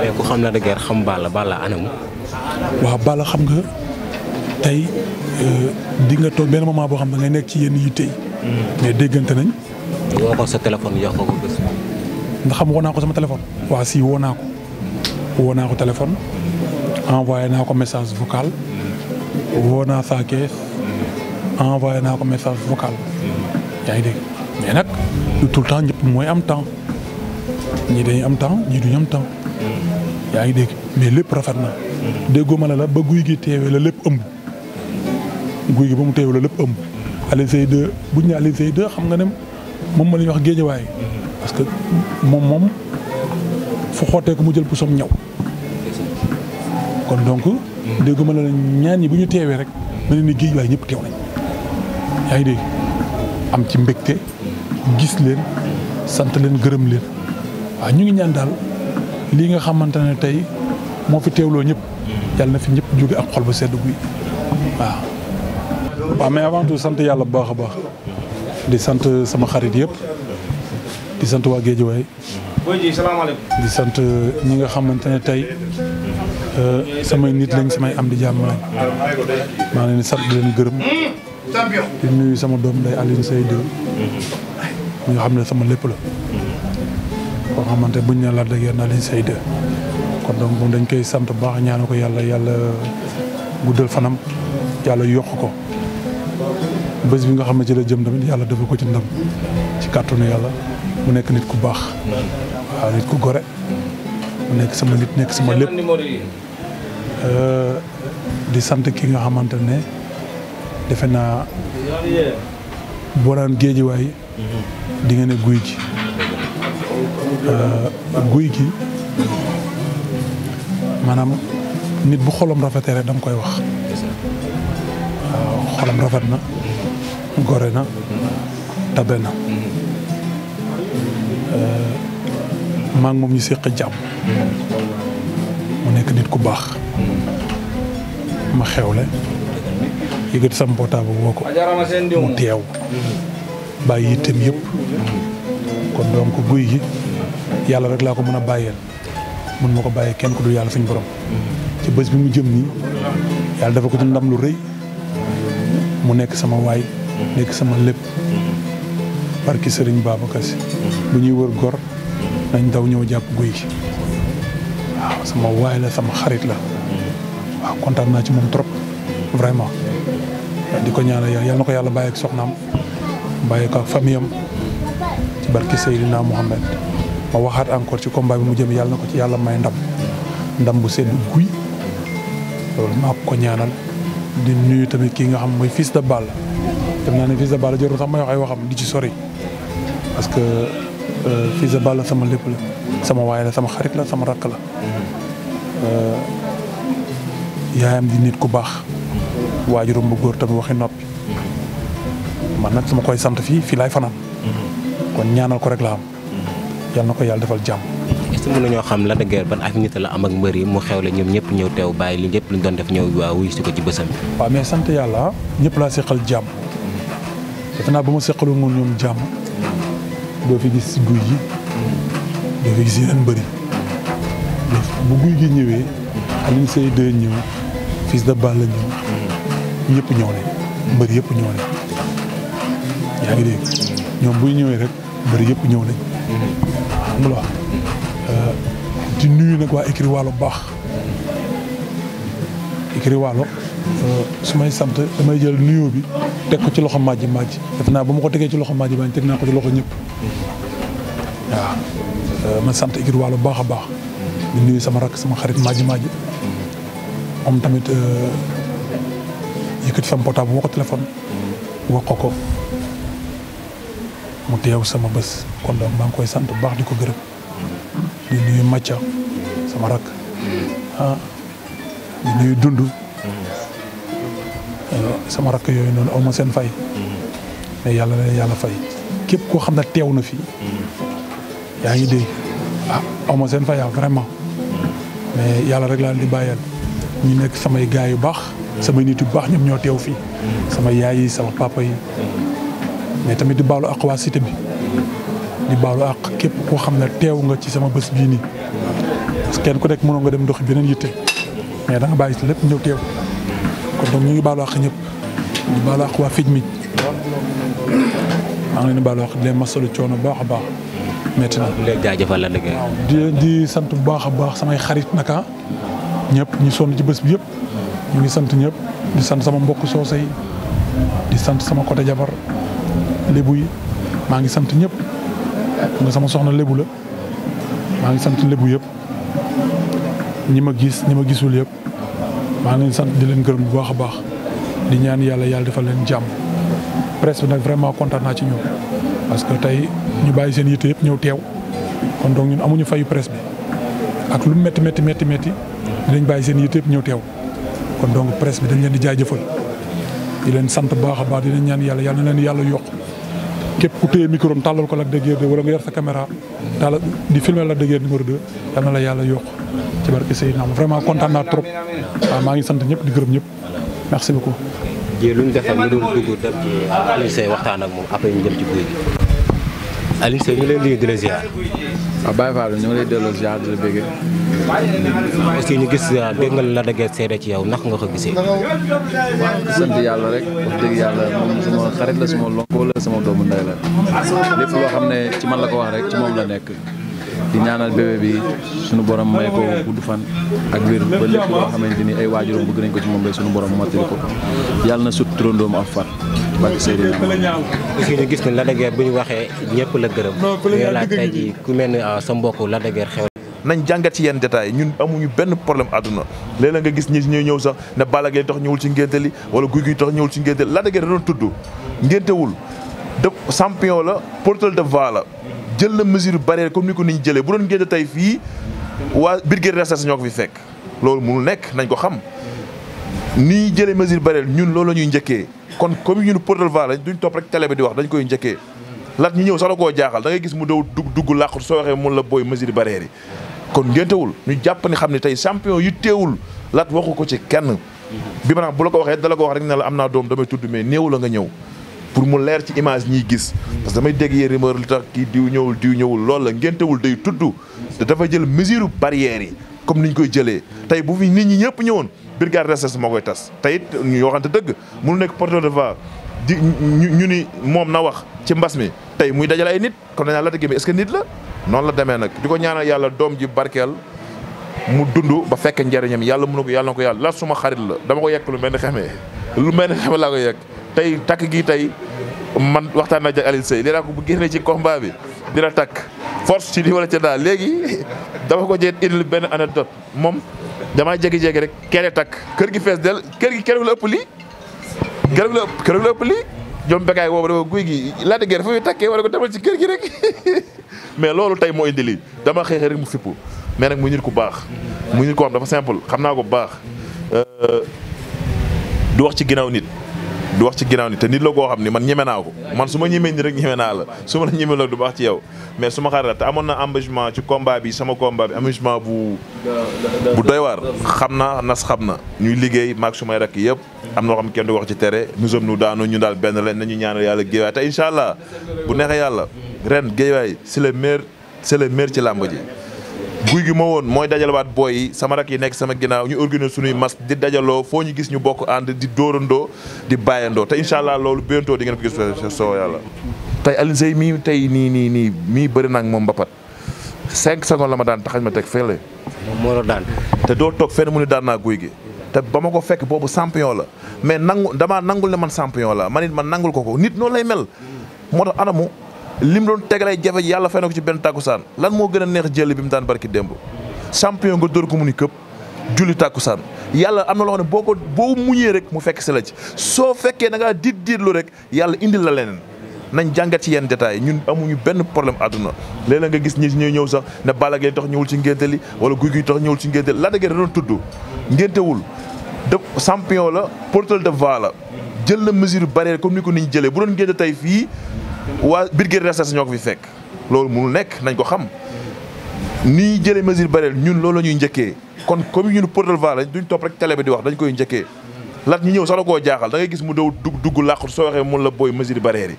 mais ku xam la dëgër xam nga tey euh, di nga toog benn moment boo xam ne ngay nekk ci yenn yitte yi. Hmm. mais déggante nañ. woo xam woo ko sama téléphone. waa si woo naa ko. woo ko téléphone. envoyé naa ko message vocal. Hmm. woo naa hmm. envoyé naa ko message vocal. yaa ngi dégg mais nag. tout le temps ñëpp mooy am temps ñii dañuy am temps ñii am temps. yaa ngi dégg mais lépp rafet na. déggoo ma ne la ba guy gi teewee la lépp ëmb. guy gi ba mu teewee la lépp ëmb. Alioune Seye 2 bu ñu nee Alioune Seye 2 xam nga ne moom ma la ñuy wax géejawaay. parce que moom moom fu xootee ko mu jël pusoom ñaw. kon donc. déggoo ma ne la ñaan ñi bu ñu teewee rek. ma ne ni géejawaay ñëpp teew nañ. yaa ngi dégg am ci mbégte gis leen sant leen gërëm leen waaw ñu ngi ñaan daal. li nga xamante tay mo fi tewlo ñep yalla na fi ñep joge ak xol bu sedd guy wa avant tout sante yalla bu baax di sante sama xarit yep di sant waa alaykum di sante euh, ñi nga xamante tay euh, sama sama nit lañ sama am di jamm lañ ini leen di di leen gërëm hmm, di nuyu sama dom day Alioune seydou ñu xamne sama lepp la koo xamante buñ ne la dëgg na lañ say de kon donc moom dañ koy sant baax ko guddal fanam yàlla yokk ko bés bi nga xam ci la jëm dafa ko ci ndam ci mu nekk nit ku baax nit ku gore mu nekk sama nit nekk sama lépp eh, di sant ki nga ne defena naa boo daan mhm. di nga Euh, guy gi maanaam nit bu xolam rafetee rek da koy wax. waaw xolam rafet na gore na tabe na. Euh, maa moom ñu séq jàmm. mu nekk nit ku baax. ma xewle. yëgati sama portable woo ko. mu teew. bàyyi yitteem yëpp. kon ko guuy gi yalla rek la ko meuna bayel bàyyeel mun ma ko bàyyee kenn ku dul yàlla suñ borom ci bëss bi mu jëm ni yalla dafa ko ci ndam lu reuy mu nekk sama way nekk sama lepp barki sëriñ baba Si bu ñuy wër gor nañ daw ñew japp guuy gi sama way la sama xarit la wa kontaan na ci mom trop vraiment di ñaanal yalla nako yalla baye ak soxnam baye ko ak ci barki sayyidina Muhammad. ma waxat encore ci combat bi mu jëm yalla nako ci yalla may ndam ndam bu sedd guuy lolou ma ko ñaanal di nuyu tamit ki nga xam moy Fils de balle dem na ni Fils de balle jarul sax may wax ay waxam di ci sori parce que euh, Fils de balle sama lepp la sama waay la sama xarit la sama rak la euh, yaayam di nit ku bax wajurum bu gor tam waxi nopi man nak sama koy sante fi fi lay fanane kon ñaanal ko rek la am. yal na ko yàlla defal jàmm. est-ce que mën nañoo xam Lac de Guiers ban affinité la am ak mbër yi mu xewle ñoom ñëpp ñëw teew bàyyi li ñëpp luñ doon def ñëw waa wuyu si ko ci bësam bi. waaw mais sant yàlla ñëpp laa seqal jàmm. defe naa ba ma seqaloon moom ñoom jàmm. doo fi gis guy yi. doo fi gis yeneen mbër yi. bu guy gi ñëwee. Alioune Seye 2 ñëw. Fils de Balla ñëw. ñëpp ñëw ne. mbër yëpp ñëw ne. ñoom buy ñëwee rek bëri yëpp ñëw nañ. xam nga lu wax di nuyu nag waa écurie Walo baax écurie Walo euh, su may sant damay jël nuyoo bi teg ko ci loxo Madji Madji def naa ba ma ko tegee ci loxo Madji Madji teg naa ko ci loxo ñëpp waaw euh, ma sant écurie Walo baax a baax di nuyu sama rakk sama xarit Madji Madji moom tamit euh, yëkkati sama portable woo ko téléphone ko mu teew sama bés kon donc maa ngi koy sant bu baax di ko gërëm di nuyu Mathia sama rakk ah di nuyu dund sama rakk yooyu noonu aw ma seen fay mais yàlla yàlla fay képp koo xam ne teew na fi yaa ngi dégg ah aw ah, vraiment mais yàlla rek laa di bàyyeel ñu nekk samay gaay yu baax sama nit yu baax ñoom ñoo teew fii sama yaay yi sama papa yi mais tamit di balu ak wa cité bi di balu ak kep ko xamna tew nga ci sama bëss bi ni parce que ken ku nek mëno nga dem dox benen yitté mais da nga bàyyi si lépp ñëw teew kon donc ñu ngi ak ñep di balu ak wa fij mi maa ngi leen ak di leen masalu coono baax a baax metti la dëgg di di sant bu baax baax samay xarit naka ñep ñu sonu ci bëss bi yëpp ñu ngi sant ñep di sant sama mbokk soosay di sant sama côté jabar Lebu yi ma ngi sant ñep nga sama soxna lebu la ma ngi sant lebu yep ñi ma gis ñi ma gisul yep ma ngi sant di leen gërëm bu baax baax di ñaan yalla yalla defal leen jamm presse nak vraiment kontaan na ci ñoom parce que tay ñu bayyi seen yitte yep ñew tew kon donc ñun amuñu fayu presse bi ak lu metti metti metti metti dinañ bayyi seen yitte yep ñew tew kon donc presse bi dañ leen di jaajeufal di leen sant baax baax di leen ñaan yalla yalla na leen yalla yokk képp ku téye micro tàllal ko Lac de Guiers 2 wala nga yor sa caméra tàllal di filmer Lac de Guiers numéro 2 yal la yàlla yokk ci barke Seydina am vraiment kontaan naa trop waaw maa ngi sant ñëpp di gërëm ñëpp merci beaucoup. jërëjëf lu ñu defal lu dul dugg dem ci waxtaan ak moom après ñu dem ci guy Aliou Seye ñu ngi lay nuyu di la ziar. waaw ah, Baye Fall ñu ngi lay delloo ziar di la bëggee. aussi ñu gis euh, dégg nga la dëggee seede ci yow ndax nga ko gisee. waaw sant yàlla rek wax dëgg yàlla moom sama xarit la sama lonko sama doomu ndey la lépp loo xam ne ci man la ko wax rek ci moom la nekk. di ñaanal bébé bi suñu borom may ko gudd fan ak wér ba lépp loo xamante ni ay waajuram bëgg nañ ko ci moom rek suñu borom mottali ko yàlla na sut turandoom ak gis de de nañ jangat ah, ci yeen detaay ñun amuñu benn problème aduna leena nga gis ñi ñew sax na Balla tax ñewul ci ngénte wala guuy guuy tax ñewul ci ngénte la Lac de Guiers da doon tudd ngéntewul de champion la portal de vala jël na mesure barrière comme ni ko ni bu doon ngénte tey fii waa biir restation fi fekk lool mënul nek nañ ko xam ni ñuy jëlee mesure barrière ñun loolu la ñuy njëkkee kon comme ñun Podor Vallée duñ topp rek télé di wax dañ koy njëkkee lat ñu ñëw sax da koo jaaxal da gis mu daw dugg dugg làqu soo waxee mun la booy mesure barrière yi kon ngéntewul ñu jàpp ni xam ne tey champion yu teewul lat waxu ko ci kenn bi maanaam bu la ko waxee dala ko wax rek ne am naa doom damay tudd mais néewu la nga ñëw pour mu leer ci image ñiy gis parce que damay dégg yee rumeur li tax kii diw ñëwul diw ñëwul loolu la ngéntewul day tudd te dafa jël mesure barrière yi comme ñu koy jëlee tey bu fi nit ñi ñëpp ñëwoon brigade recherche moo koy tas te it ñu waxante dëgg mënu nekk porteur de voix di ñu ni moom na wax ci mbas mi tey muy dajale ay nit kon dañaa la dëgg mi est que nit la noonu la demee nag di ko ñaanal yàlla doom ji barkeel mu dundu ba fekk njariñam yàlla mënu ko yàlla ko yàlla la suma xarit la dama ko yekk lu mel ni xamee lu mel ni xamee laa ko yekk tey takk gi tey man waxtaan naa ak Alioune Seye li naa ko bu génnee ci combat bi dina takk force ci lii wala ca daal léegi dama ko jeet indil benn anecdote moom damaa jegi-jegi rek kere takk kër gi fees del kër gi keroog la ëpp lii keroog la keroog ëpp lii jom bekaay boobu dafa guy gi laata gerte fu takkee wala ko demal ci kër gi rek mais loolu tey moo indi lii dama xëy rek mu fippu mais nag mu nit ku baax mu nit ko am dafa simple xam naa ko bu baax euh, du wax ci ginnaaw nit du wax ci ginnaaw ni te nit la koo xam ni man ñeme naa ko man suma ñemee ni rek ñeme naa la su ma la ñeme la du wax ci yow mais suma ma xaar la te amoon na engagement ci combat bi sama combat bi engagement bu bu doy waar xam na nas xam na ñuy liggéey maak sumay rek rakk yëpp am na xam kenn du wax ci tere nous sommes nous daanoo ñu daal benn leen na ñu ñaanal yàlla géewaay te incha allah bu neexee yàlla ren géewaay c'est le maire c'est le maire ci làmb ji guy gi ma woon mooy dajalewaat booy yi sama rak yi nekk sama ginnaaw ñu organiser suñuy mas di dajaloo foo ñu gis ñu bokk ànd di dóorandoo di bàyyandoo te incha allah loolu bientôt di ngeen ko gis soo yàlla tey Alioune Seye nii nii nii bëri naa ak moom mbapat cinq secondes la ma daan taxañ ma teg fële moo la daan te doo toog fenn mu ne daan naa guy gi te ba ma ko fekk boobu champion la mais nangu damaa nangul ne man champion la man it man nangul ko ko nit noonu lay mel moo tax anamu lim doon tegalay jafe ji yàlla fay na ko ci benn tàkkusaan lan moo gën a neex jël bi mu daan barki démb champion nga dóor ko mu ni këpp julli tàkkusaan yàlla am na loo ne boo ko boo mu muñee rek mu fekk si la ci soo fekkee da ngaa diit diitlu rek yàlla indil la leneen nañ jàngat ci yenn détails ñun amuñu benn problème àdduna léeg nga gis ñi ñuy ñëw sax ne Balla Gaye tax ñëwul ci ngénte li wala guy Gui tax ñëwul ci ngénte li Lac de Guiers da doon tudd ngéntewul de champion la porteur de voix la jël na mesure barrière comme ni ko nit ñi jëlee bu doon ngénte tey fii waa brigade recherche ñoo ko fi fekk loolu mu nekk nañ ko xam ni jëlee mesure barrière ñun loolu la ñuy njëkkee kon comme ñun porte-voix lañ duñ topp rek télé bi di wax dañ koy njëkkee lat ñu ñëw sax la koo jaaxal da gis mu daw dugg dugg làqut soo waxee mun la booy mesure barrière yi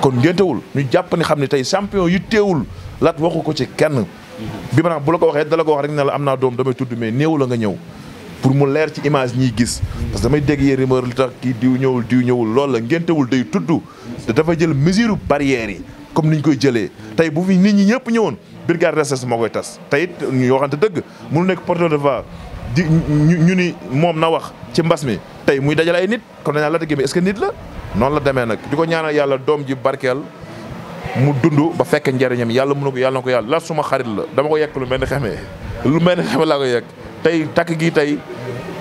kon ngéntewul ñu jàpp ni xam ne tey champion yu teewul lat waxu ko ci kenn bi maanaam bu la ko waxee dala ko wax rek na la am naa doom damay tudd mais néew la nga ñëw pour mu leer ci image ñiy gis parce que damay dégg yee rumeur li tax kii diw ñëwul diw ñëwul loolu la ngéntewul day tudd te dafa jël mesure barrières yi comme ni ñu koy jëlee tey bu fi nit ñi ñëpp ñëwoon brigade recherche moo koy tas tey it ñu waxante dëgg mënu nekk porteur de voix di ñu ni moom na wax ci mbas mi tey muy dajal ay nit kon dañaa la dëgg mais est ce que nit la noonu la demee nag di ko ñaanal yàlla doom ji barkeel mu dund ba fekk yàlla ko yàlla na ko yàlla la suma xarit la dama ko yekk lu mel ni xamee lu mel ni xamee laa ko yekk tey takk tey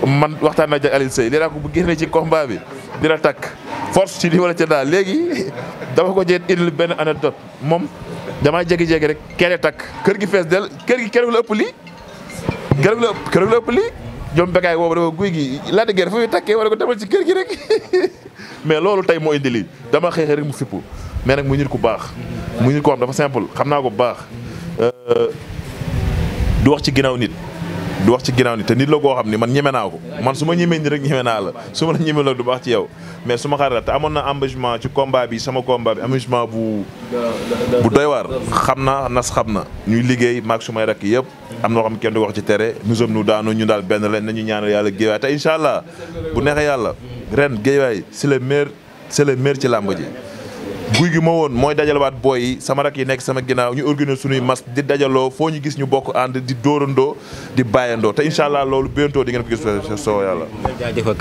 man waxtaan naa ak Alioune Seye nee naa ko bu génnee ci combat bi dina takk force ci lii wala ca daal léegi dama ko jéem indil benn anecdote moom damaa jékki-jékki rek kere takk kër gi fees del kër gi keroog la ëpp lii. keroog la ëpp keroog la ëpp lii ñoom békaay boobu dafa guy gi laa de guerre fu takkee wala ko demal ci kër gi rek mais loolu tey moo indi lii dama xeexee rek mu fippu mais nag mu nit ku baax. mu nit ko am dafa simple xam na ko bu baax. Euh, du wax ci ginnaaw nit. wax ci ginnaaw ni te nit la koo xam ni man ñeme naa ko man su ma ñemee ni rek ñeme naa la suma ma la ñeme la du baax ci yow mais suma ma xarit la te amoon na engagement ci combat bi sama combat bi bu bu doy waar xam na nas xam na ñuy liggéey maak su may rakk yëpp am na xam kenn du wax ci tere nous sommes nous daanu ñu daal benn leen na ñu ñaanal yàlla géewaay te incha allah bu neexee yàlla ren géewaay c'est le meilleur c'est le meilleur ci làmb ji guy gi ma woon mooy dajalewaat booy yi sama rak yi nekk sama ginnaaw ñu organiser suñuy mas di dajaloo foo ñu gis ñu bokk ànd di dóorandoo di bàyyandoo te incha allah loolu bientôt di ngeen ko gis soo